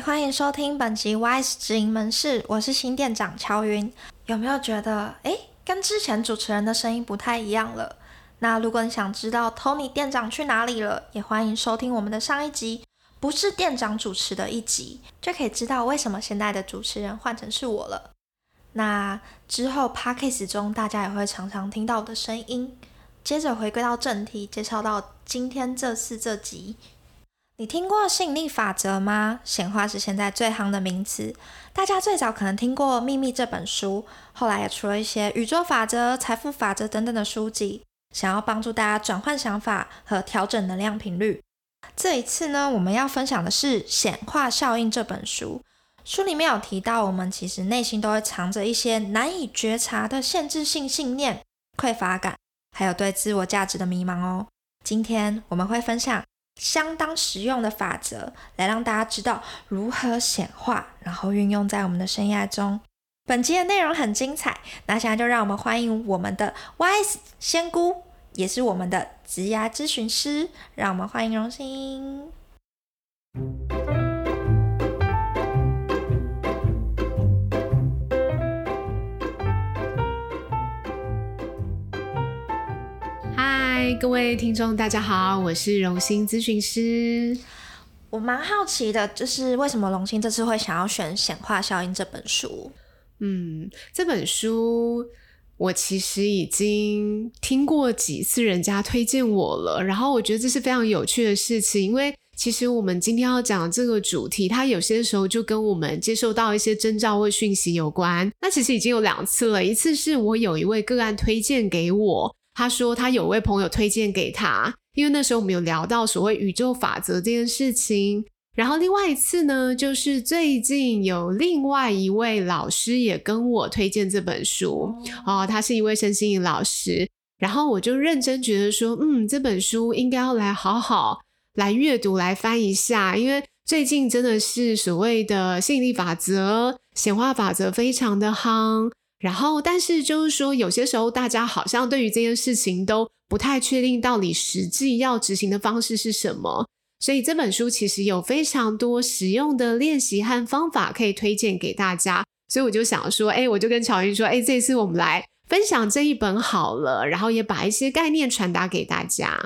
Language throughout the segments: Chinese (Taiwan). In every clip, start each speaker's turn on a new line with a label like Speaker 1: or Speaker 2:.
Speaker 1: 歡迎收聽本集 YS 直營門市，我是新店長喬雲。有沒有覺得，哎，跟之前主持人的聲音不太一樣了？那如果你想知道 Tony 店長去哪裡了，也歡迎收聽我們的上一集，不是店長主持的一集，就可以知道為什麼現在的主持人換成是我了。那之後 Podcast 中大家也會常常聽到我的聲音。接着回歸到正題，介紹到今天這次這集。你聽過吸引力法則嗎？顯化是現在最夯的名詞。大家最早可能聽過《秘密》這本書，後來也出了一些宇宙法則、財富法則等等的書籍，想要幫助大家轉換想法和調整能量頻率。這一次呢，我們要分享的是《顯化效應》這本書。書裡面有提到，我們其實內心都會藏着一些難以覺察的限制性信念、匱乏感，還有對自我價值的迷茫哦。今天我們會分享。相當實用的法則，來讓大家知道如何顯化，然後運用在我們的生涯中。本集的內容很精彩，那現在就讓我們歡迎我們的 YS 仙姑，也是我們的職涯諮詢師，讓我們歡迎榕炘。嗨，各位聽眾，大家好，嗯、我是榕炘諮詢師。我蠻好奇的，就是為什麼榕炘這次會想要選《顯化效應》這本書？
Speaker 2: 嗯，這本書我其實已經聽過幾次，人家推薦我了。然後我覺得這是非常有趣的事情，因為其實我們今天要講的這個主題，它有些時候就跟我們接受到一些徵兆或訊息有關。那其實已經有兩次了，一次是我有一位個案推薦給我。他說他有位朋友推薦給他，因為那時候我們有聊到所謂宇宙法則這件事情。然後另外一次呢，就是最近有另外一位老師也跟我推薦這本書哦，他是一位身心靈老師。然後我就認真覺得說，嗯，這本書應該要來好好來閱讀、來翻一下，因為最近真的是所謂的吸引力法則、顯化法則非常的夯。然後，但是就是說，有些時候大家好像對於這件事情都不太確定，到底實際要執行的方式是什麼。所以這本書其實有非常多實用的練習和方法可以推薦給大家。所以我就想說，哎，我就跟喬云說，哎，這次我們來分享這一本好了，然後也把一些概念傳達給大家。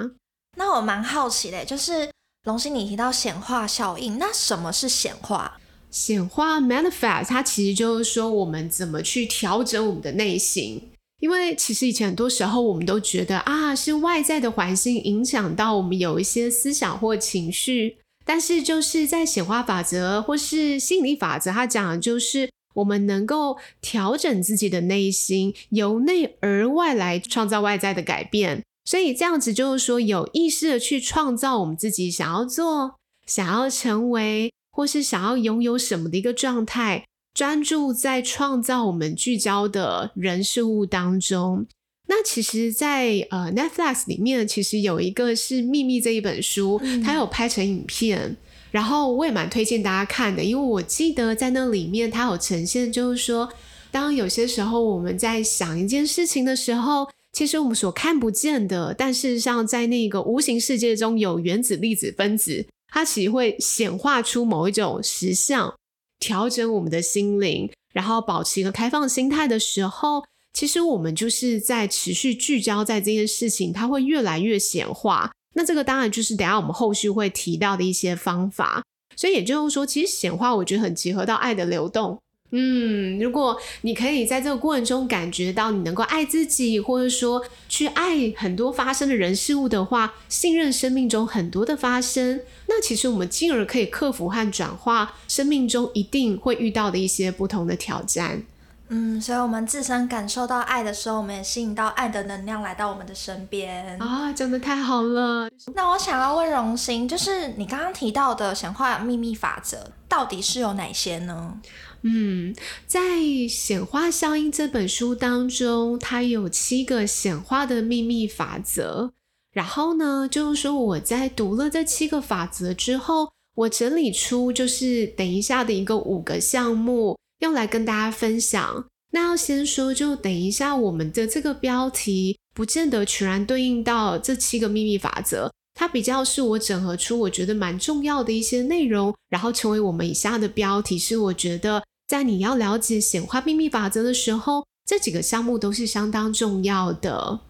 Speaker 1: 那我蠻好奇的，就是榕炘，你提到顯化效應，那什麼是顯化？顯化 manifest，它
Speaker 2: 其實就是說我們怎麼去調整我們的內心，因為其實以前很多時候我們都覺得啊，是外在的環境影響到我們有一些思想或情緒，但是就是在顯化法則或是心理法則，它講的就是我們能夠調整自己的內心，由內而外來創造外在的改變，所以這樣子就是說有意識的去創造我們自己想要做、想要成為。或是想要擁有什麼的一個狀態，專注在創造我們聚焦的人事物當中。那其實在，在呃 Netflix 裡面，其實有一個是《秘密》這一本書，嗯，它有拍成影片，然後我也蠻推薦大家看的，因為我記得在那裡面，它有呈現，就是說，當有些時候我們在想一件事情的時候，其實我們所看不見的，但事實上在那個無形世界中有原子、粒子、分子。它其實會顯化出某一種實相，調整我們的心靈，然後保持一個開放心態的時候，其實我們就是在持續聚焦在這件事情，它會越來越顯化。那這個當然就是等下我們後續會提到的一些方法。所以也就是說，其實顯化我覺得很結合到愛的流動。嗯，如果你可以在這個過程中感覺到你能夠愛自己，或者說去愛很多發生的人事物的話，信任生命中很多的發生，那其實我們進而可以克服和轉化生命中一定會遇到的一些不同的挑戰。
Speaker 1: 嗯，所以我們自身感受到愛的時候，我們也吸引到愛的能量來到我們的身邊啊，真的太好了。那我想要問榕炘，就是你剛剛提到的顯化秘密法則，到底是有哪些呢？嗯，
Speaker 2: 在顯化效應這本書當中，它有七個顯化的秘密法則。然後呢，就是說我在讀了這七個法則之後，我整理出就是等一下的一個五個項目，要來跟大家分享。那要先說，就等一下我們的這個標題不見得全然對應到這七個秘密法則。它比較是我整合出我覺得蠻重要的一些內容，然後成為我們以下的標題。是我覺得在你要了解顯化秘密法則的時候，這幾個項目都是相當重要的。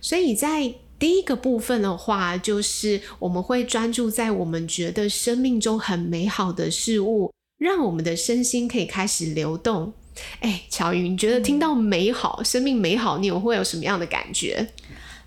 Speaker 2: 所以在第一個部分的話，就是我們會專注在我們覺得生命中很美好的事物，讓我們的身心可以開始流動。哎，喬雲，你覺得聽到美好、嗯、生命美好，你有會有什麼樣的感覺？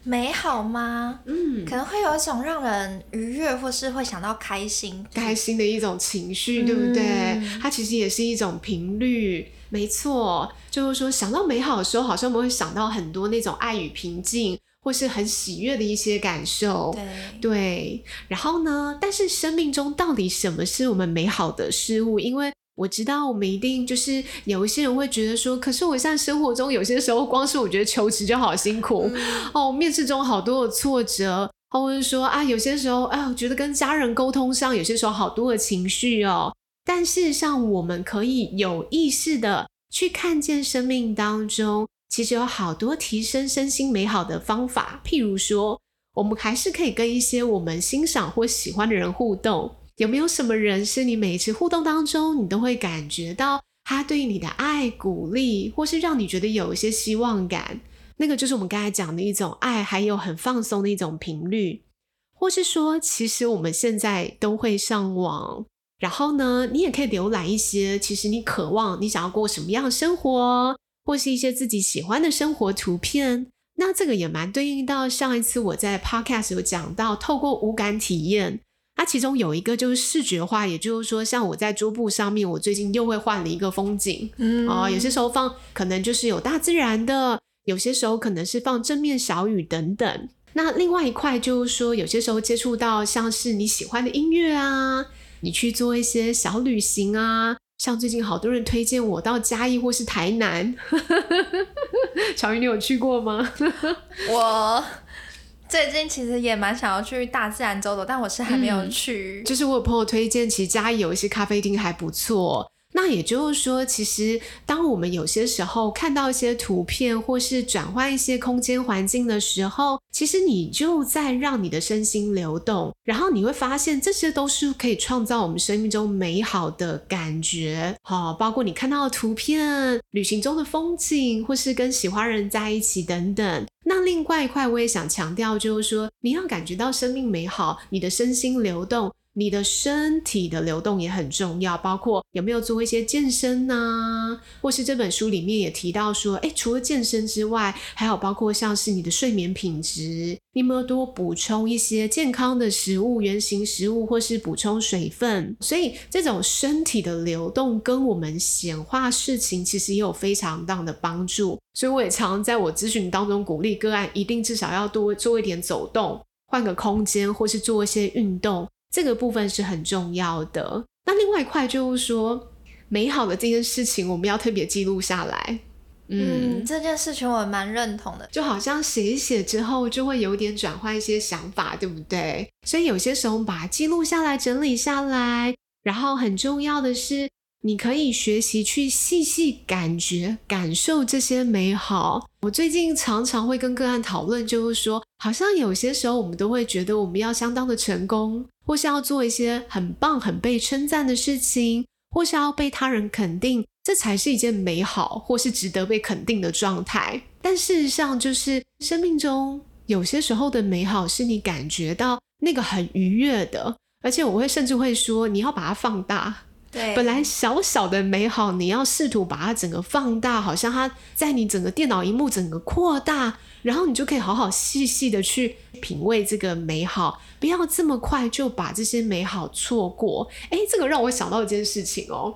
Speaker 1: 美好嗎？嗯，可能會有一種讓人愉悅，或是會想到開心、就是、
Speaker 2: 開心的一種情緒，對不對？嗯，它其實也是一種頻率。沒錯，就是說想到美好的時候，好像我們會想到很多那種愛與平靜，或是很喜悅的一些感受，嗯，對。對，然後呢？但是生命中到底什麼是我們美好的事物？因為我知道我們一定就是有一些人會覺得說，可是我現在生活中有些時候，光是我覺得求職就好辛苦哦，面試中好多的挫折，或者是說啊，有些時候哎、啊，我覺得跟家人溝通上有些時候好多的情緒哦。但事實上，我們可以有意識的去看見生命當中其實有好多提升身心美好的方法，譬如說，我們還是可以跟一些我們欣賞或喜歡的人互動。有沒有什麼人是你每一次互動當中，你都會感覺到他對你的愛、鼓勵，或是讓你覺得有一些希望感？那個就是我們剛才講的一種愛，還有很放鬆的一種頻率，或是說，其實我們現在都會上網，然後呢，你也可以瀏覽一些其實你渴望，你想要過什麼樣的生活，或是一些自己喜歡的生活圖片。那這個也蠻對應到上一次我在 Podcast 有講到，透過五感體驗。它其中有一個就是視覺化，也就是說，像我在桌布上面，我最近又會換了一個風景，哦、
Speaker 1: 嗯啊，有些
Speaker 2: 時候放可能就是有大自然的，有些時候可能是放正面小語等等。那另外一塊就是說，有些時候接觸到像是你喜歡的音樂啊，你去做一些小旅行啊，像最近好多人推薦我到嘉義或是台南，小 雨你有去過嗎？
Speaker 1: 我。最近其實也蠻想要去大自然走走，但我是還沒有去。嗯，就
Speaker 2: 是我有朋友推薦，其實家裡有一些咖啡廳還不錯。那也就是說，其實當我們有些時候看到一些圖片，或是轉換一些空間環境的時候，其實你就在讓你的身心流動，然後你會發現，這些都是可以創造我們生命中美好的感覺。好、哦，包括你看到的圖片、旅行中的風景，或是跟喜歡人在一起等等。那另外一塊，我也想強調，就是說，你要感覺到生命美好，你的身心流動。你的身體的流動也很重要，包括有沒有做一些健身呢？或是這本書裡面也提到說，誒，除了健身之外，還有包括像是你的睡眠品質，你有沒有多補充一些健康的食物、原型食物，或是補充水分？所以，這種身體的流動跟我們顯化事情其實也有非常大的幫助。所以，我也常在我諮詢當中鼓勵個案，一定至少要多做一點走動，換個空間，或是做一些運動。這個部分是很重要的。那另外一塊就是說，美好的這件事情我們要特別記錄下來。嗯，嗯，
Speaker 1: 這件事情我蠻認同的。就好像寫
Speaker 2: 一寫之後，就會有點轉換一些想法，對不對？所以有些時候把它記錄下來、整理下來，然後很重要的是，你可以學習去細細感覺、感受這些美好。我最近常常會跟個案討論，就是說，好像有些時候我們都會覺得我們要相當的成功，或是要做一些很棒、很被稱讚的事情，或是要被他人肯定，這才是一件美好或是值得被肯定的狀態。但事實上，就是生命中有些時候的美好，是你感覺到那個很愉悅的，而且我會甚至會說，你要把它放大。對，本來小小的美好，你要試圖把它整個放大，好像它在你整個電腦螢幕整個擴大，然後你就可以好好細細的去品味這個美好，不要這麼快就把這些美好錯過。誒，這個讓我想到一件事情哦，喬，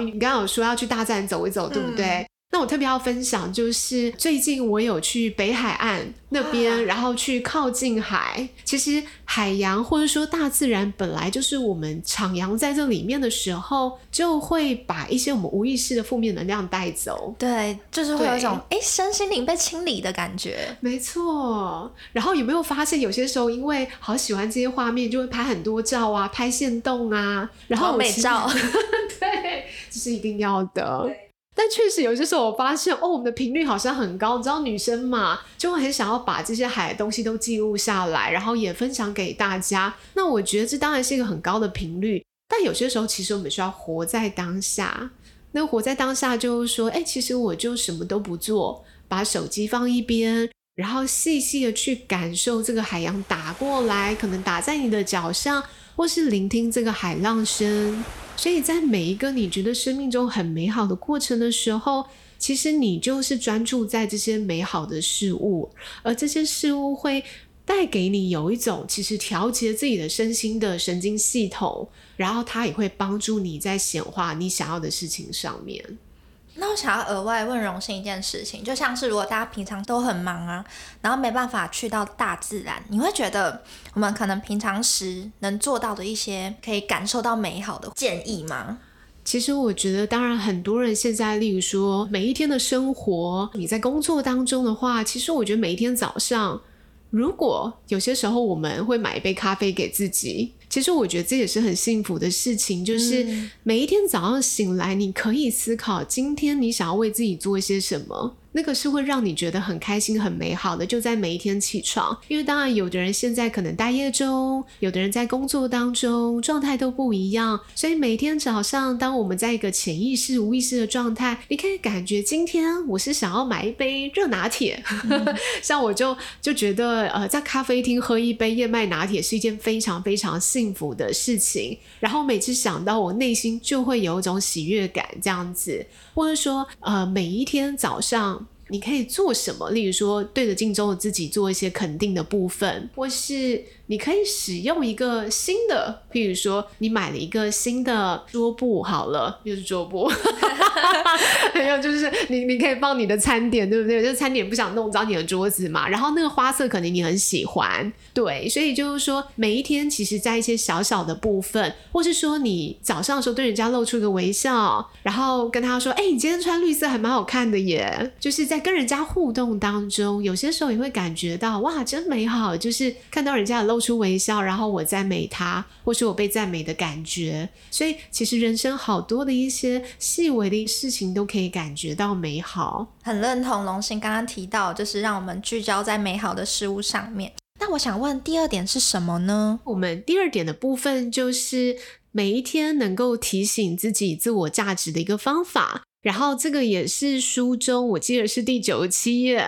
Speaker 2: 嗯，你剛剛有說要去大站走一走，嗯，對不對？那我特別要分享，就是最近我有去北海岸那邊，然後去靠近海。其實海洋或者說大自然本來就是我們徜徉在這裡面的時候，就會把一些我們無意識的負面能量帶走。對，就是會有一種誒、欸，身心靈被清理的感覺。沒錯。然後有沒有發現，有些時候因為好喜歡這些畫面，就會拍很多照啊，拍限動啊，然後美照。 對，這、就是一定要的。但確實有些時候我發現，哦，我們的頻率好像很高。你知道女生嘛，就會很想要把這些海的東西都記錄下來，然後也分享給大家。那我覺得這當然是一個很高的頻率。但有些時候，其實我們需要活在當下。那活在當下就是說，哎、欸，其實我就什麼都不做，把手機放一邊，然後細細的去感受這個海洋打過來，可能打在你的腳上，或是聆聽這個海浪聲。所以在每一個你覺得生命中很美好的過程的時候，其實你就是專注在這些美好的事物，而這些事物會帶給你有一種其實調節自己的身心的神經系統，然後它也會幫助你在顯化你想要的事情上面。
Speaker 1: 那我想要額外問榕炘一件事情，就像是如果大家平常都很忙啊，然後沒辦法去到大自然，你會覺得我們可能平常時能做到的一些可以感受到美好的建議嗎？
Speaker 2: 其實我覺得，當然很多人現在，例如說每一天的生活，你在工作當中的話，其實我覺得每一天早上，如果有些時候我們會買一杯咖啡給自己。其實我覺得這也是很幸福的事情，就是每一天早上醒來，你可以思考今天你想要為自己做一些什麼。那個是會讓你覺得很開心、很美好的，就在每一天起床，因為當然有的人現在可能大夜中，有的人在工作當中，狀態都不一樣，所以每天早上，當我們在一個潛意識、無意識的狀態，你可以感覺今天我是想要買一杯熱拿鐵， 像我就就覺得呃，在咖啡廳喝一杯燕麥拿鐵是一件非常非常幸福的事情，然後每次想到我內心就會有一種喜悅感，這樣子，或者說呃，每一天早上。你可以做什麼？例如說，對着鏡中的自己做一些肯定的部分，或是。你可以使用一個新的，譬如說你買了一個新的桌布，好了，又是桌布，還 有 就是你你可以放你的餐點，對不對？就是餐點不想弄髒你的桌子嘛。然後那個花色可能你很喜歡，對，所以就是說每一天其實，在一些小小的部分，或是說你早上的時候對人家露出一個微笑，然後跟他說，哎、欸，你今天穿綠色還蠻好看的耶，就是在跟人家互動當中，有些時候也會感覺到哇，真美好，就是看到人家的露。出微笑，然後我讚美他，或是我被讚美的感覺。所以其實人生好多的一些細微的事情都可以感覺到美好。
Speaker 1: 很認同榕炘剛剛提到，就是讓我們聚焦在美好的事物上面。
Speaker 2: 那我想問，第二點是什麼呢？我們第二點的部分就是每一天能夠提醒自己自我價值的一個方法。然後這個也是書中，我記得是第九十七頁，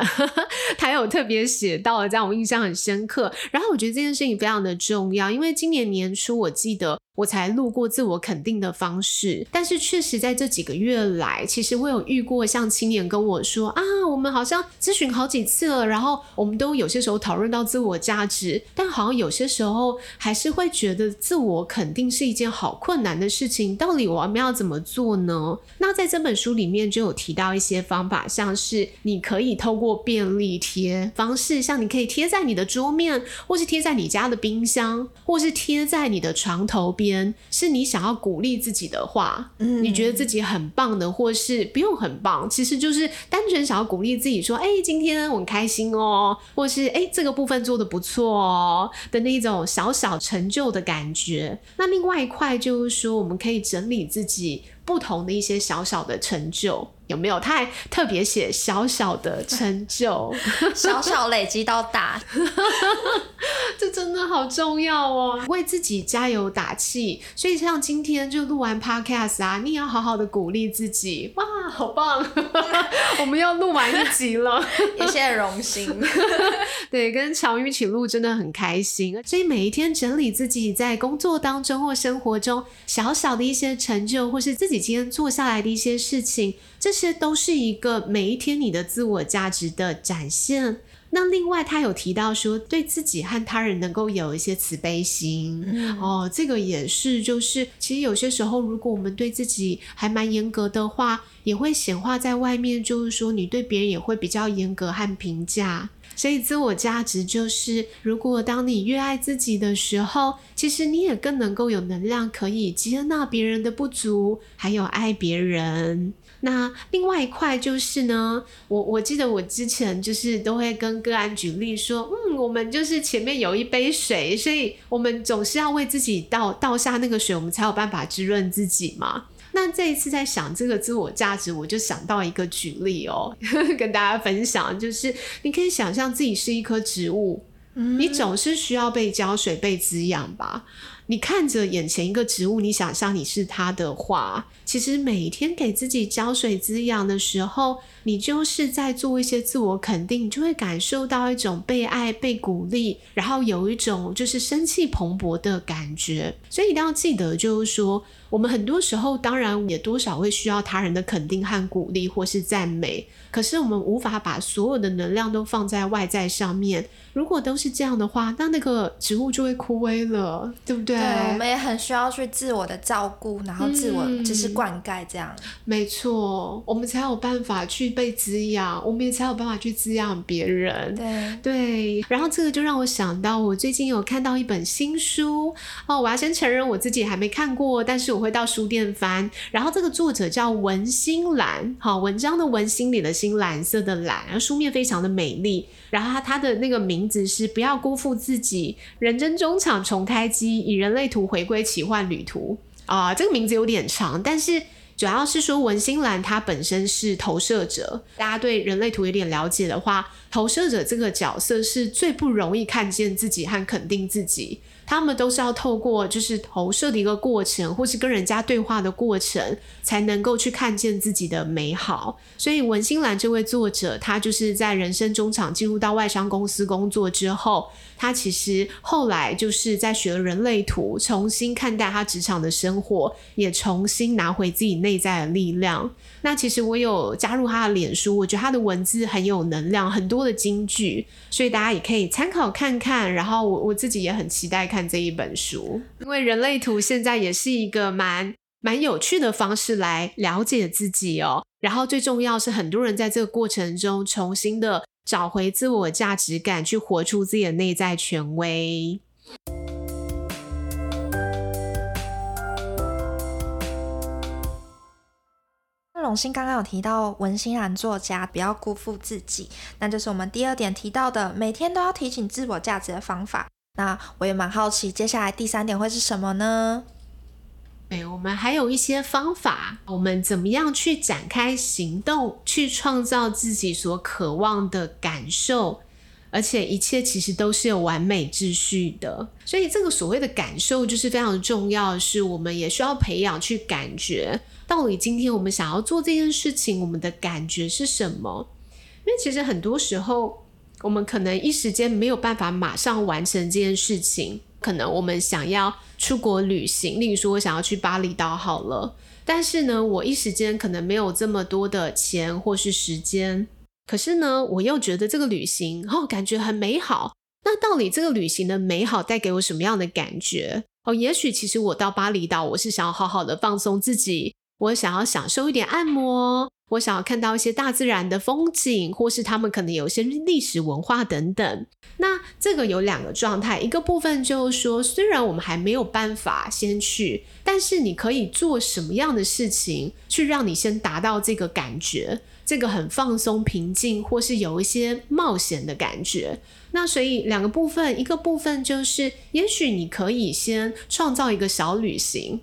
Speaker 2: 他有特別寫到了，這樣我印象很深刻。然後我覺得這件事情非常的重要，因為今年年初我記得。我才路過自我肯定的方式，但是確實在這幾個月來，其實我有遇過像青年跟我說啊，我們好像諮詢好幾次了，然後我們都有些時候討論到自我價值，但好像有些時候還是會覺得自我肯定是一件好困難的事情。到底我們要怎麼做呢？那在這本書裡面就有提到一些方法，像是你可以透過便利貼方式，像你可以貼在你的桌面，或是貼在你家的冰箱，或是貼在你的床頭。邊是你想要鼓勵自己的話、嗯，你覺得自己很棒的，或是不用很棒，其實就是單純想要鼓勵自己說：“哎，今天我很開心哦，或是哎，這個部分做得不錯哦”的那種小小成就的感覺。那另外一塊就是說，我們可以整理自己不同的一些小小的成就。有沒有？他還特別寫小小的成就，
Speaker 1: 小小累積
Speaker 2: 到大， 這真的好重要哦，為自己加油打氣。所以像今天就錄完 podcast 啊，你也要好好的鼓勵自己。哇，好棒！ 我們要錄完一集了，也謝謝榕炘，對，跟喬瑜一起錄真的很開心。所以每一天整理自己在工作當中或生活中小小的一些成就，或是自己今天做下來的一些事情，這些都是一個每一天你的自我價值的展現。那另外，他有提到說，對自己和他人能夠有一些慈悲心、嗯、哦，這個也是，就是其實有些時候，如果我們對自己還蠻嚴格的話。也會顯化在外面，就是說你對別人也會比較嚴格和評價，所以自我價值就是，如果當你越愛自己的時候，其實你也更能夠有能量可以接納別人的不足，還有愛別人。那另外一塊就是呢，我我記得我之前就是都會跟個案舉例說，嗯，我們就是前面有一杯水，所以我們總是要為自己倒倒下那個水，我們才有辦法滋潤自己嘛。那這一次在想這個自我價值，我就想到一個舉例哦、喔，跟大家分享，就是你可以想象自己是一棵植物，嗯、你總是需要被澆水、被滋養吧？你看着眼前一個植物，你想象你是它的話，其實每天給自己澆水、滋養的時候。你就是在做一些自我肯定，你就會感受到一種被愛、被鼓勵，然後有一種就是生氣蓬勃的感覺。所以一定要記得，就是說，我們很多時候當然也多少會需要他人的肯定和鼓勵，或是讚美。可是我們無法把所有的能量都放在外在上面。如果都是這樣的話，那那個植物就會枯萎了，對不對？對，我們也
Speaker 1: 很需要去自我的照顧，然後自我、嗯、就是灌溉這樣。
Speaker 2: 沒錯，我們才有辦法去。被滋養，我們也才有辦法去滋養別人。對對，然後這個就讓我想到，我最近有看到一本新書哦，我要先承認我自己還沒看過，但是我會到書店翻。然後這個作者叫文心藍，好、哦、文章的文心裡的心藍色的藍，然後書面非常的美麗。然後他他的那個名字是不要辜負自己，人生中場重開機，以人類圖回歸奇幻旅途啊、哦，這個名字有點長，但是。主要是說，文心蘭她本身是投射者，大家對人類圖有點了解的話，投射者這個角色是最不容易看見自己和肯定自己。他們都是要透過就是投射的一個過程，或是跟人家對話的過程，才能夠去看見自己的美好。所以，文新蘭這位作者，他就是在人生中場進入到外商公司工作之後，他其實後來就是在學了人類圖，重新看待他職場的生活，也重新拿回自己內在的力量。那其實我有加入他的臉書，我覺得他的文字很有能量，很多的金句，所以大家也可以參考看看。然後我我自己也很期待看這一本書，因為人類圖現在也是一個蠻蠻有趣的方式來了解自己哦。然後最重要是，很多人在這個過程中重新的找回自我價值感，去活出自己的內在權威。
Speaker 1: 榕炘剛剛有提到文心然作家，不要辜負自己，那就是我們第二點提到的每天都要提醒自我價值的方法。那我也蠻好奇，接下來第三點會是什麼呢？對，我們還有一些方法，我們怎麼樣去展開
Speaker 2: 行動，去創造自己所渴望的感受？而且一切其實都是有完美秩序的，所以這個所謂的感受就是非常重要的是，是我們也需要培養去感覺。到底今天我們想要做這件事情，我們的感覺是什麼？因為其實很多時候，我們可能一時間沒有辦法馬上完成這件事情。可能我們想要出國旅行，例如說我想要去巴厘島好了。但是呢，我一時間可能沒有這麼多的錢或是時間。可是呢，我又覺得這個旅行哦，感覺很美好。那到底這個旅行的美好帶給我什麼樣的感覺？哦，也許其實我到巴厘島，我是想要好好的放鬆自己。我想要享受一點按摩，我想要看到一些大自然的風景，或是他們可能有一些歷史文化等等。那這個有兩個狀態，一個部分就是說，雖然我們還沒有辦法先去，但是你可以做什麼樣的事情，去讓你先達到這個感覺，這個很放鬆、平靜，或是有一些冒險的感覺。那所以兩個部分，一個部分就是，也許你可以先創造一個小旅行，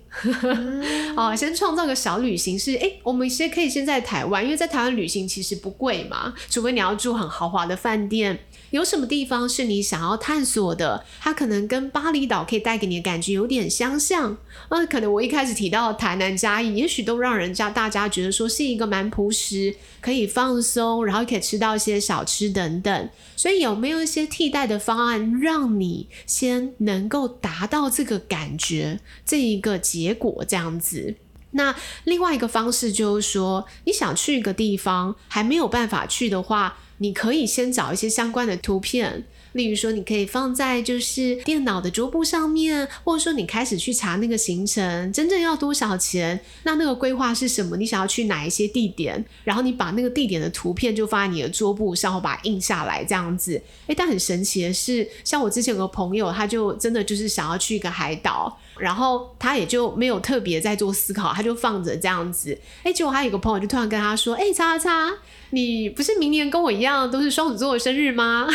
Speaker 2: 哦、 嗯，先創造個小旅行是，誒、欸，我們先可以先在台灣，因為在台灣旅行其實不貴嘛，除非你要住很豪華的飯店。有什麼地方是你想要探索的？它可能跟巴厘島可以帶給你的感覺有點相像。呃、啊，可能我一開始提到台南嘉義，也許都讓人家大家覺得說是一個蠻樸實，可以放鬆，然後可以吃到一些小吃等等。所以有沒有一些替代的方案，讓你先能夠達到這個感覺、這一個結果這樣子？那另外一個方式就是說，你想去一個地方還沒有辦法去的話，你可以先找一些相關的圖片，例如說，你可以放在就是電腦的桌布上面，或者說你開始去查那個行程，真正要多少錢，那那個規劃是什麼？你想要去哪一些地點？然後你把那個地點的圖片就放在你的桌布上，然後把它印下來這樣子。誒，但很神奇的是，像我之前有個朋友，他就真的就是想要去一個海島。然後他也就沒有特別在做思考，他就放着這樣子。哎、欸，結果他有一個朋友就突然跟他說：“哎、欸，叉叉叉，你不是明年跟我一樣都是雙子座的生日嗎？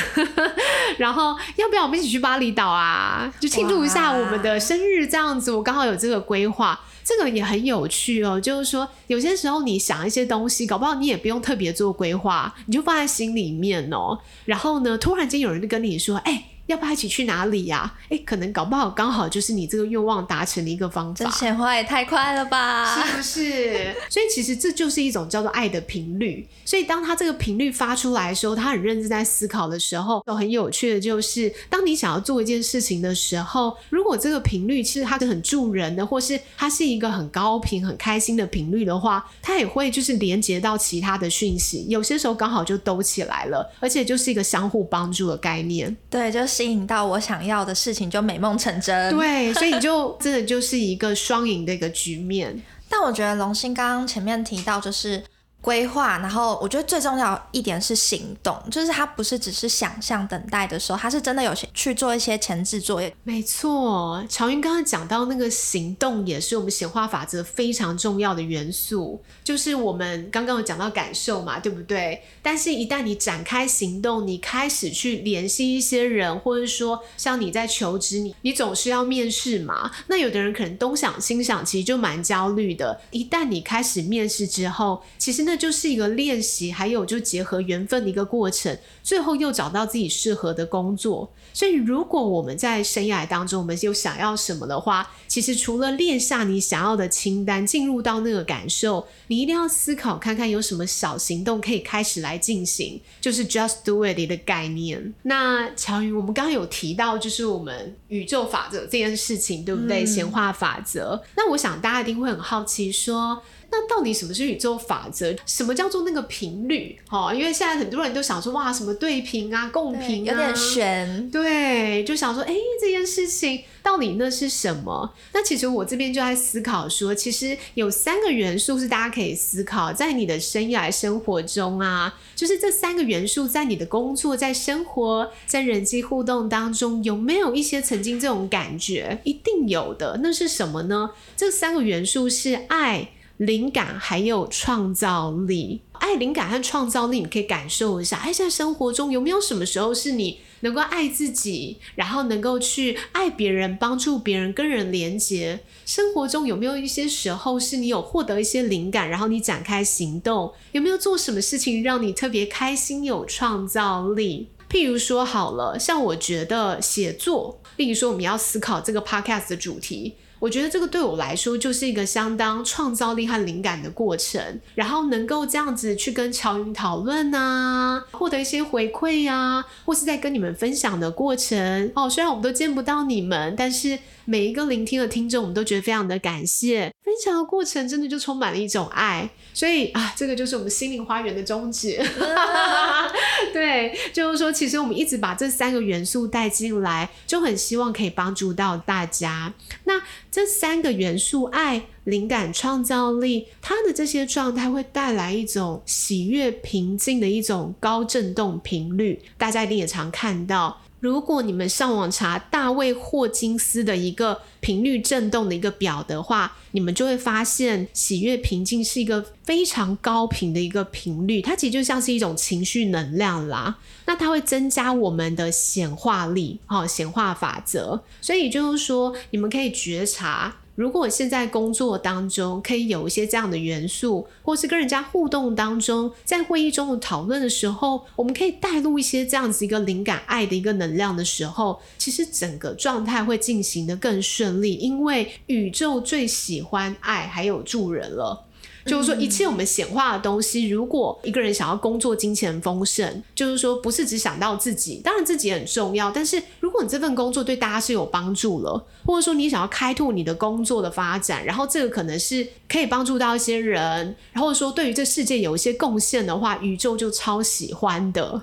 Speaker 2: 然後要不要我們一起去巴厘島啊？就慶祝一下我們的生日這樣子？我剛好有這個規劃，這個也很有趣哦。就是說，有些時候你想一些東西，搞不好你也不用特別做規劃，你就放在心裡面哦。然後呢，突然間有人就跟你說：哎、欸。”要不要一起去哪裡呀、啊？哎、欸，可能搞不好剛好就是你這個願望達成的一個方法。這顯化也太快了吧，是不是？ 所以其實這就是一種叫做愛的頻率。所以當他這個頻率發出來的時候，他很認真在思考的時候，很有趣的，就是當你想要做一件事情的時候，如。如果這個頻率其實它是很助人的，或是它是一個很高頻、很開心的頻率的話，它也會就是連接到其他的訊息。有些時候剛好就兜起來了，而且就是一個相互幫助的概念。
Speaker 1: 對，就吸引到我想要的事情，就美夢成真。對，所以你
Speaker 2: 就 真的就是
Speaker 1: 一個雙贏的一個局面。但我覺得榕炘剛剛前面提到，就是。規劃，然後我覺得最重要一點是行動，就是他不是只是想象等待的時候，他是真的有去做一些前置作業。沒錯，朝云剛剛講到那個
Speaker 2: 行動，也是我們顯化法則非常重要的元素，就是我們剛剛有講到感受嘛，對不對？但是，一旦你展開行動，你開始去聯繫一些人，或者說像你在求職，你你總是要面試嘛。那有的人可能東想西想，其實就蠻焦慮的。一旦你開始面試之後，其實那就是一個練習，還有就結合緣分的一個過程，最後又找到自己適合的工作。所以，如果我們在生涯當中，我們又想要什麼的話，其實除了列下你想要的清單，進入到那個感受，你一定要思考看看有什麼小行動可以開始來進行，就是 just do it 的概念。那喬宇，我們剛剛有提到，就是我們宇宙法則這件事情，對不對？顯、嗯、化法則。那我想大家一定會很好奇，說。那到底什麼是宇宙法則？什麼叫做那個頻率？哈、哦，因為現在很多人都想說哇，什麼對頻啊、共頻啊，有點玄。對，就想說，誒、欸，這件事情到底那是什麼？那其實我這邊就在思考說，其實有三個元素是大家可以思考，在你的生涯生活中啊，就是這三個元素在你的工作、在生活、在人際互動當中，有沒有一些曾經這種感覺？一定有的。那是什麼呢？這三個元素是愛。靈感還有創造力，愛靈感和創造力，你可以感受一下。愛、哎、在生活中有沒有什麼時候是你能夠愛自己，然後能夠去愛別人，幫助別人，跟人連接？生活中有沒有一些時候是你有獲得一些靈感，然後你展開行動？有沒有做什麼事情讓你特別開心、有創造力？譬如說，好了，像我覺得寫作，例如說，我們要思考這個 podcast 的主題。我覺得這個對我來說就是一個相當創造力和靈感的過程，然後能夠這樣子去跟喬雲討論啊，獲得一些回饋啊，或是在跟你們分享的過程哦。雖然我們都見不到你們，但是。每一個聆聽的聽眾，我們都覺得非常的感謝。分享的過程真的就充滿了一種愛，所以啊，這個就是我們心靈花園的宗旨。 嗯、 對，就是說，其實我們一直把這三個元素帶進來，就很希望可以幫助到大家。那這三個元素——愛、靈感、創造力，它的這些狀態會帶來一種喜悅、平靜的一種高振動頻率。大家一定也常看到。如果你們上網查大衛霍金斯的一個頻率振動的一個表的話，你們就會發現喜悅平靜是一個非常高頻的一個頻率，它其實就像是一種情緒能量啦。那它會增加我們的顯化力，哈、哦，顯化法則。所以就是說，你們可以覺察。如果現在工作當中可以有一些這樣的元素，或是跟人家互動當中，在會議中的討論的時候，我們可以帶入一些這樣子一個靈感愛的一個能量的時候，其實整個狀態會進行的更順利，因為宇宙最喜歡愛還有助人了。
Speaker 1: 就是說，一切我
Speaker 2: 們顯化的東西、嗯，如果一個人想要工作、金錢豐盛，就是說不是只想到自己，當然自己也很重要，但是如果你這份工作對大家是有幫助了，或者說你想要開拓你的工作的發展，然後這個可能是可以幫助到一些人，然後說對於這世界有一些貢獻的話，宇宙就超喜歡的。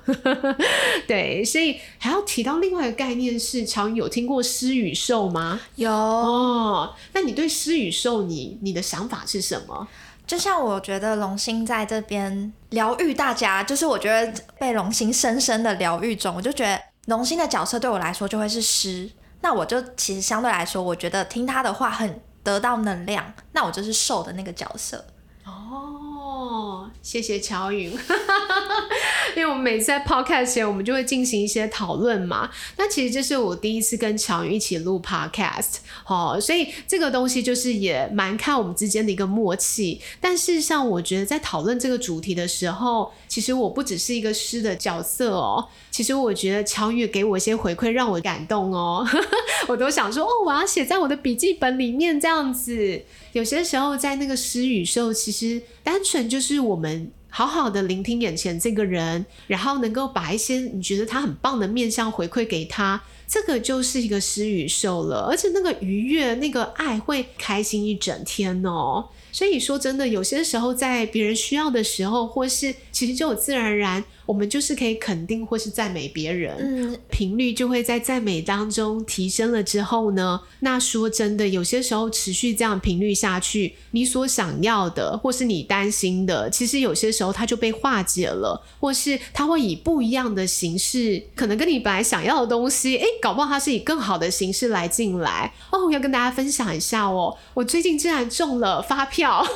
Speaker 2: 對，所以還要提到另外一個概念是，是常有聽過施與受嗎？有、哦、那你
Speaker 1: 對施與受，你你的想法是什麼？就像我覺得榕炘在這邊療癒大家，就是我覺得被榕炘深深的療癒中，我就覺得榕炘的角色對我來說就會是施，那我就其實相對來說，我覺得聽他的話很得到能量，那我就是受的那個角色哦。哦，謝
Speaker 2: 謝喬雲， 因為我們每次在 podcast 前，我們就會進行一些討論嘛。那其實這是我第一次跟喬雲一起錄 podcast 哦，所以這個東西就是也蠻看我們之間的一個默契。但事實上，我覺得在討論這個主題的時候，其實我不只是一個詩的角色哦。其實我覺得喬雲也給我一些回饋，讓我感動哦， 我都想說哦，我要寫在我的筆記本裡面這樣子。有些時候在那個施與受，其實單純就是我們好好的聆聽眼前這個人，然後能夠把一些你覺得他很棒的面向回饋給他，這個就是一個施與受了。而且那個愉悅、那個愛，會開心一整天哦、喔。所以說真的，有些時候，在別人需要的時候，或是其實就自然而然，我們就是可以肯定或是讚美別人，嗯、頻率就會在讚美當中提升了之後呢。那說真的，有些時候持續這樣頻率下去，你所想要的或是你擔心的，其實有些時候它就被化解了，或是它會以不一樣的形式，可能跟你本來想要的東西，哎、欸，搞不好它是以更好的形式來進來哦。我要跟大家分享一下哦，我最近竟然中了發票。票，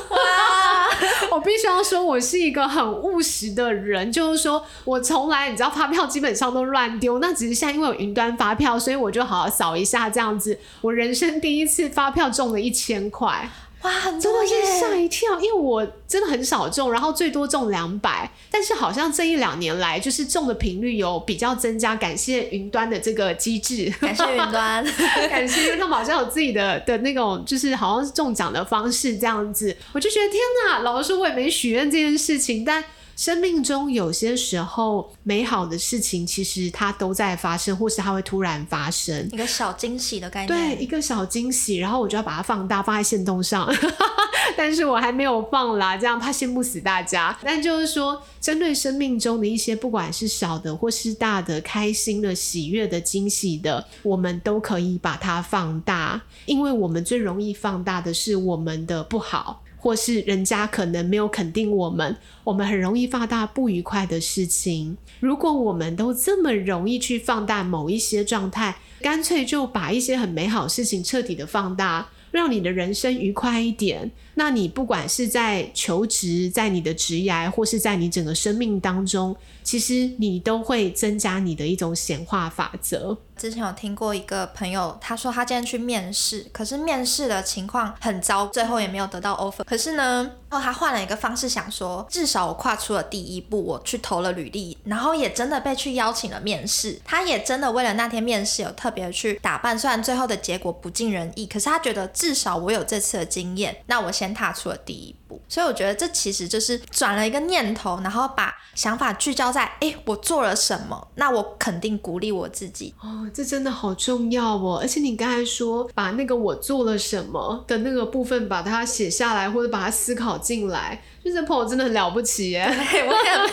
Speaker 2: 我必須要說，我是一個很務實的人，就是說我從來，你知道，發票基本上都亂丟，那只是現在因為有雲端發票，所以我就好好掃一下，這樣子，我人生第一次發票中了一千塊。哇很多，真的是嚇一跳！因為我真的很少中，然後最多中兩百，但是好像這一兩年來，就是中的頻率有比較增加。感謝雲端的這個機制，感謝雲端， 感謝因為他們好像有自己的的那種，就是好像是中獎的方式這樣子。我就覺得天吶，老師我也沒許願這件事情，但。生命中有些時候美好的事情，其實它都在發生，或是它會突然發生。一
Speaker 1: 個小驚喜的概念，對，一
Speaker 2: 個小驚喜，然後我就要把它放大，放在限動上， 但是我還沒有放啦，這樣怕羨慕死大家。但就是說，針對生命中的一些，不管是小的或是大的，開心的、喜悅的、驚喜的，我們都可以把它放大，因為我們最容易放大的是我們的不好。或是人家可能沒有肯定我們，我們很容易放大不愉快的事情。如果我們都這麼容易去放大某一些狀態，乾脆就把一些很美好事情徹底的放大，讓你的人生愉快一點。那你不管是在求職，在你的職涯，或是在你整個生命當中，其實你都會增加你的一種顯化法
Speaker 1: 則。之前有聽過一個朋友，他說他今天去面試，可是面試的情況很糟，最後也沒有得到 offer。可是呢，然後他換了一個方式，想說至少我跨出了第一步，我去投了履歷，然後也真的被去邀請了面試。他也真的為了那天面試有特別去打扮，雖然最後的結果不盡人意，可是他覺得至少我有這次的經驗，那我先踏出了第一步。所以我覺得這其實就是轉了一個念頭，然後把想法聚焦在哎，我做了什麼？那我肯定鼓勵我自己。哦，這真的好重要哦！而且你剛才說把那個我做了什麼的
Speaker 2: 那個部分，把它寫下來或者把它思考進來，就是朋友真的很了不起耶！
Speaker 1: 對啊，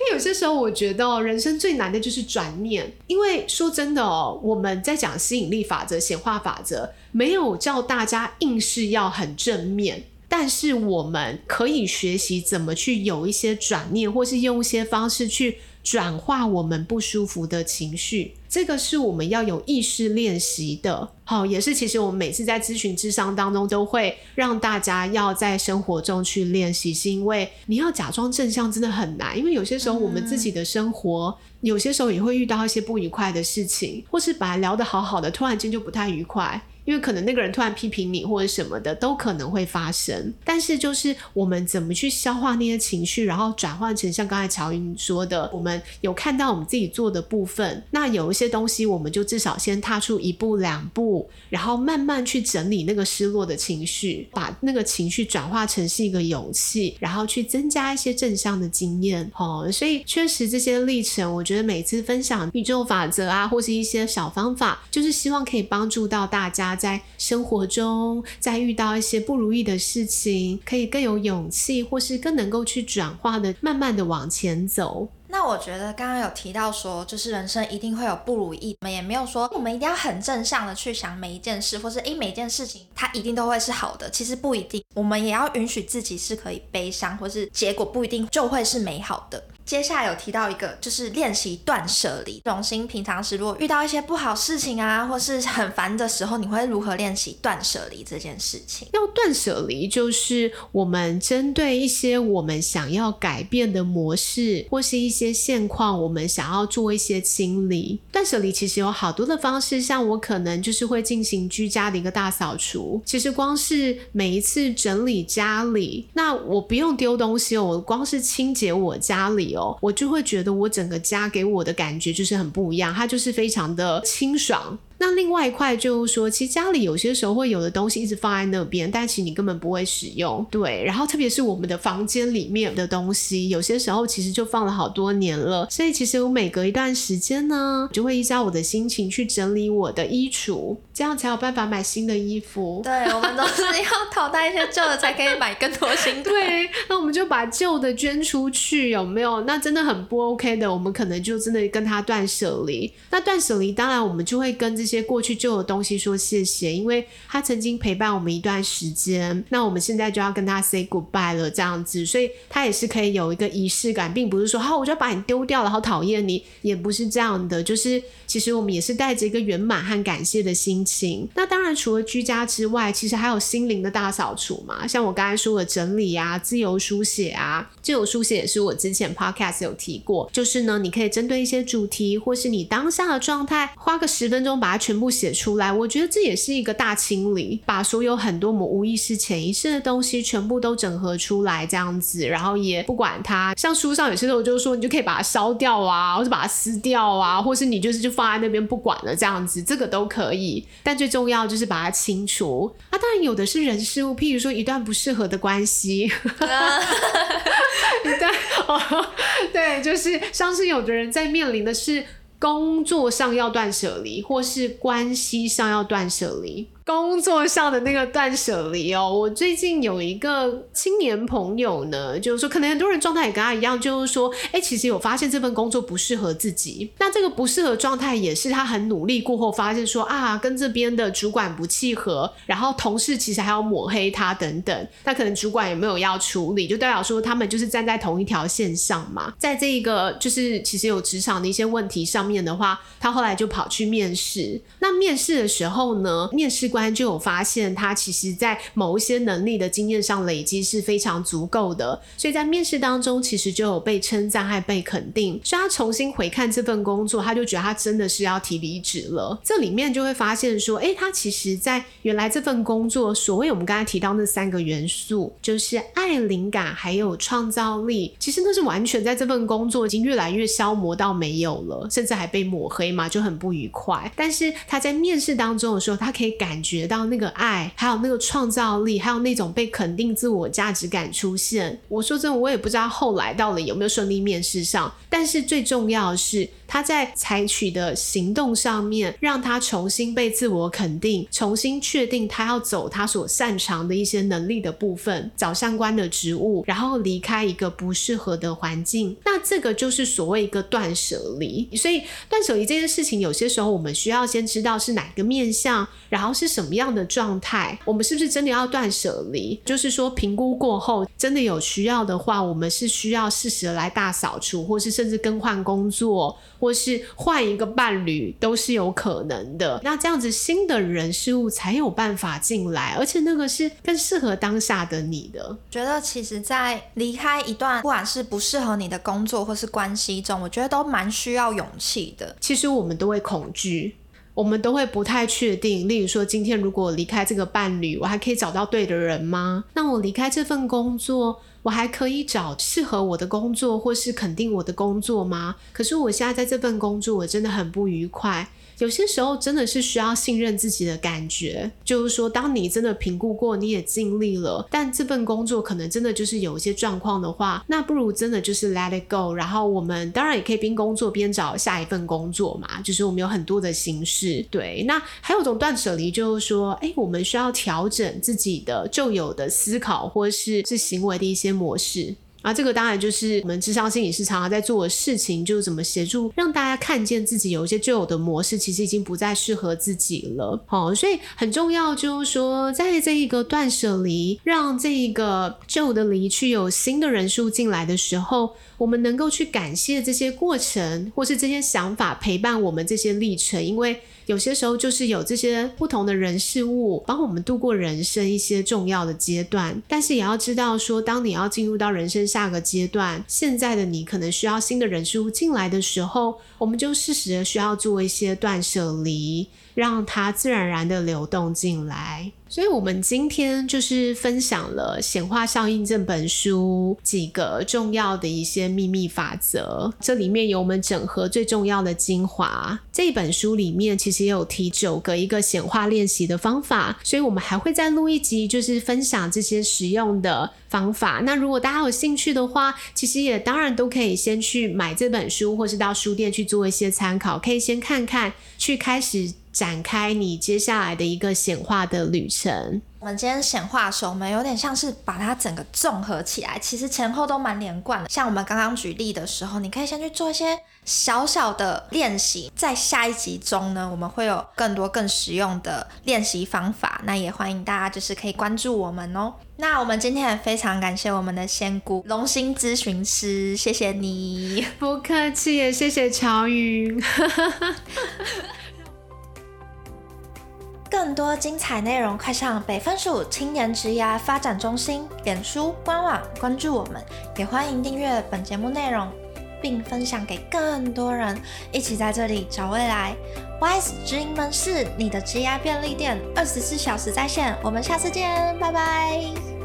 Speaker 2: 因為有些時候我覺得人生最難的就是轉念，因為說真的哦，我們在講吸引力法則、顯化法則，沒有叫大家硬是要很正面。但是我們可以學習怎麼去有一些轉念，或是用一些方式去轉化我們不舒服的情緒。這個是我們要有意識練習的。好、哦，也是其實我們每次在諮商當中都會讓大家要在生活中去練習，是因為你要假裝正向真的很難。因為有些時候我們自己的生活，嗯、有些時候也會遇到一些不愉快的事情，或是本來聊得好好的，突然間就不太愉快。因為可能那個人突然批評你或者什麼的，都可能會發生。但是就是我們怎麼去消化那些情緒，然後轉換成像剛才喬云說的，我們有看到我們自己做的部分。那有一些東西，我們就至少先踏出一步兩步，然後慢慢去整理那個失落的情緒，把那個情緒轉化成是一個勇氣，然後去增加一些正向的經驗。哦，所以確實這些歷程，我覺得每次分享宇宙法則啊，或是一些小方法，就是希望可以幫助到大家。在生活中，在遇到一些不如意的事情，可以更有勇氣，或是更能夠去轉化的，慢慢的往前走。
Speaker 1: 那我覺得剛剛有提到說，就是人生一定會有不如意，我們也沒有說我們一定要很正向的去想每一件事，或是誒，每一件事情它一定都會是好的，其實不一定。我們也要允許自己是可以悲傷，或是結果不一定就會是美好的。接下來有提到一個就是練習斷舍離，榕炘平常時如果遇到一些不好事情啊，或是很煩的時候，你會如何練習斷舍離這件事情？
Speaker 2: 要斷舍離，就是我們針對一些我們想要改變的模式，或是一些。一些現況，我們想要做一些清理。斷捨離其實有好多的方式，像我可能就是會進行居家的一個大掃除。其實光是每一次整理家裡，那我不用丟東西哦，我光是清潔我家裡哦，我就會覺得我整個家給我的感覺就是很不一樣，它就是非常的清爽。那另外一塊就是說，其實家裡有些時候會有的東西一直放在那邊，但其實你根本不會使用，對。然後特別是我們的房間裡面的東西，有些時候其實就放了好多年了。所以其實我每隔一段時間呢，就會依照我的心情去整理我的衣櫥，這樣才有辦法買新的衣服。對，我們都是要淘汰一些舊的，才可以買更多新的。 對，那我們就把舊的捐出去，有沒有？那真的很不 OK 的，我們可能就真的跟他斷舍離。那斷舍離，當然我們就會跟這些。些過去舊的東西說謝謝，因為他曾經陪伴我們一段時間，那我們現在就要跟他 say goodbye 了，這樣子，所以他也是可以有一個儀式感，並不是說好、哦，我就要把你丟掉了，好討厭你，也不是這樣的，就是其實我們也是帶着一個圓滿和感謝的心情。那當然，除了居家之外，其實還有心靈的大掃除嘛，像我剛才說的整理啊、自由書寫啊，自由書寫也是我之前 podcast 有提過，就是呢，你可以針對一些主題或是你當下的狀態，花個十分鐘把它。全部寫出來，我覺得這也是一個大清理，把所有很多我們無意識、潛意識的東西全部都整合出來，這樣子，然後也不管它。像書上有些時候就是說，你就可以把它燒掉啊，或者把它撕掉啊，或是你就是就放在那邊不管了這樣子，這個都可以。但最重要就是把它清除。啊，當然有的是人事物，譬如說一段不適合的關係，一段哦，對，就是像是有的人在面臨的是。工作上要斷捨離，或是關係上要斷捨離。工作上的那個斷捨離哦，我最近有一個青年朋友呢，就是說，可能很多人狀態也跟他一樣，就是說，哎、欸，其實有發現這份工作不適合自己。那這個不適合狀態也是他很努力過後發現說啊，跟這邊的主管不契合，然後同事其實還要抹黑他等等。那可能主管也沒有要處理，就代表說他們就是站在同一條線上嘛。在這一個就是其實有職場的一些問題上面的話，他後來就跑去面試。那面試的時候呢，面試官。就有發現，他其實在某一些能力的經驗上累積是非常足夠的，所以在面試當中，其實就有被稱讚還被肯定。所以他重新回看這份工作，他就覺得他真的是要提離職了。這裡面就會發現說，哎，他其實在原來這份工作，所謂我們剛才提到那三個元素，就是愛、靈感還有創造力，其實那是完全在這份工作已經越來越消磨到沒有了，甚至還被抹黑嘛，就很不愉快。但是他在面試當中的時候，他可以感覺。學到那個愛，還有那個創造力，還有那種被肯定自我價值感出現。我說真的，我也不知道後來到底有沒有順利面試上。但是最重要的是，他在採取的行動上面，讓他重新被自我肯定，重新確定他要走他所擅長的一些能力的部分，找相關的職務，然後離開一個不適合的環境。那這個就是所謂一個斷捨離。所以，斷捨離這件事情，有些時候我們需要先知道是哪個面向，然後是。什麼樣的狀態？我們是不是真的要斷舍離？就是說，評估過後，真的有需要的話，我們是需要適時來大掃除，或是甚至更換工作，或是換一個伴侶，都是有可能的。那這樣子，新的人事物才有辦法進來，而且那個
Speaker 1: 是更適
Speaker 2: 合當下的
Speaker 1: 你的。覺得其實，在離開一段不管是不適合你的工作或是關係中，我覺得都蠻需要勇氣的。
Speaker 2: 其實我們都會恐懼。我們都會不太確定。例如說，今天如果離開這個伴侶，我還可以找到對的人嗎？那我離開這份工作，我還可以找適合我的工作，或是肯定我的工作嗎？可是我現在在這份工作，我真的很不愉快。有些時候真的是需要信任自己的感覺，就是說，當你真的評估過，你也盡力了，但這份工作可能真的就是有一些狀況的話，那不如真的就是 let it go。然後我們當然也可以邊工作邊找下一份工作嘛，就是我們有很多的形式。對，那還有種斷捨離，就是說，哎，我們需要調整自己的舊有的思考或是是行為的一些模式。那、啊、這個當然就是我們諮商心理師常常在做的事情，就是怎麼協助讓大家看見自己有一些舊有的模式，其實已經不再適合自己了。好、哦，所以很重要就是說，在這一個斷捨離，讓這一個舊的離去，有新的人事物進來的時候。我們能夠去感謝這些過程，或是這些想法陪伴我們這些歷程，因為有些時候就是有這些不同的人事物幫我們度過人生一些重要的階段。但是也要知道說，當你要進入到人生下個階段，現在的你可能需要新的人事物進來的時候，我們就適時的需要做一些斷捨離。讓它自然而然的流動進來。所以，我們今天就是分享了《顯化效應》這本書幾個重要的一些秘密法則。這裡面有我們整合最重要的精華。這本書裡面其實也有提九個一個顯化練習的方法。所以我們還會再錄一集，就是分享這些實用的方法。那如果大家有興趣的話，其實也當然都可以先去買這本書，或是到書店去做一些參考，可以先看看，去開始。展開你接下來的一個顯化的旅程。
Speaker 1: 我們今天顯化的時候，我們有點像是把它整個綜合起來，其實前後都蠻連貫的。像我們剛剛舉例的時候，你可以先去做一些小小的練習。在下一集中呢，我們會有更多更實用的練習方法。那也歡迎大家就是可以關注我們哦。那我們今天也非常感謝我們的仙姑榕炘諮詢師，謝謝你。不客氣，也謝謝喬雲。 更多精彩內容，快上北分署青年職涯發展中心臉書官網關注我們，也歡迎訂閱本節目內容，並分享給更多人，一起在這裡找未來。YS 職營門市，你的職涯便利店，二十四小時在線。我們下次見，拜拜。